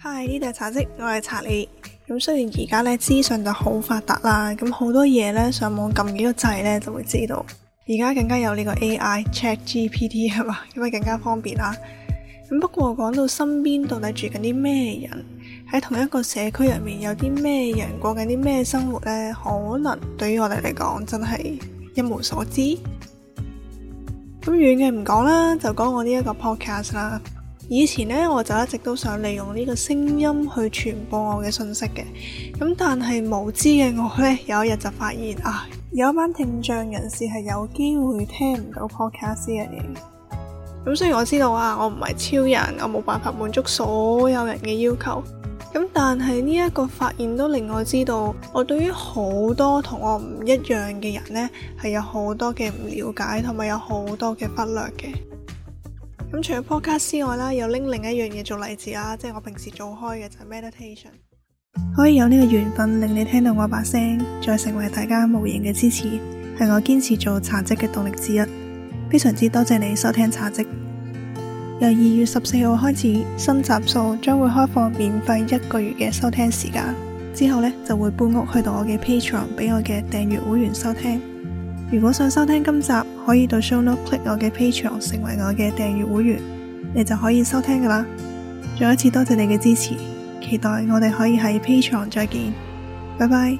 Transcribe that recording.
hi，呢度係茶嘖，我係查理。咁雖然而家咧資訊就好發達啦，咁好多嘢咧上網撳幾個掣咧就會知道。而家更加有呢個 AI Chat GPT 係嘛，因為更加方便啦。咁不過講到身邊到底住緊啲咩人，喺同一個社區入面有啲咩人過緊啲咩生活咧，可能對於我哋嚟講真係一無所知。咁遠嘅唔講啦，就講我呢一個 podcast 啦。以前咧，我就一直都想利用呢個聲音去傳播我嘅信息嘅。咁但係無知嘅我咧，有一日就發現啊，有一班聽障人士係有機會聽唔到 Podcast 嘅嘢。咁雖然我知道啊，我唔係超人，我冇辦法滿足所有人嘅要求。咁但係呢一個發現都令我知道，我對於好多同我唔一樣嘅人咧，係有好多嘅唔了解同埋有好多嘅忽略嘅。咁除咗 podcast 之外啦，又拎另一樣嘢做例子啦，即係我平時做開嘅就係 meditation。可以有呢個緣分令你聽到我把聲，再成為大家無形嘅支持，係我堅持做茶職嘅動力之一。非常之多謝你收聽茶職。由二月十四號開始，新集數將會開放免費一個月嘅收聽時間，之後咧就會搬屋去到我嘅 Patreon，俾我嘅訂閱會員收聽。如果想收聽今集，可以到 ShowNote click 我嘅 Patreon，成為我嘅訂閱會員，你就可以收聽噶啦。再一次多謝你嘅支持，期待我哋可以喺 Patreon 再見，拜拜。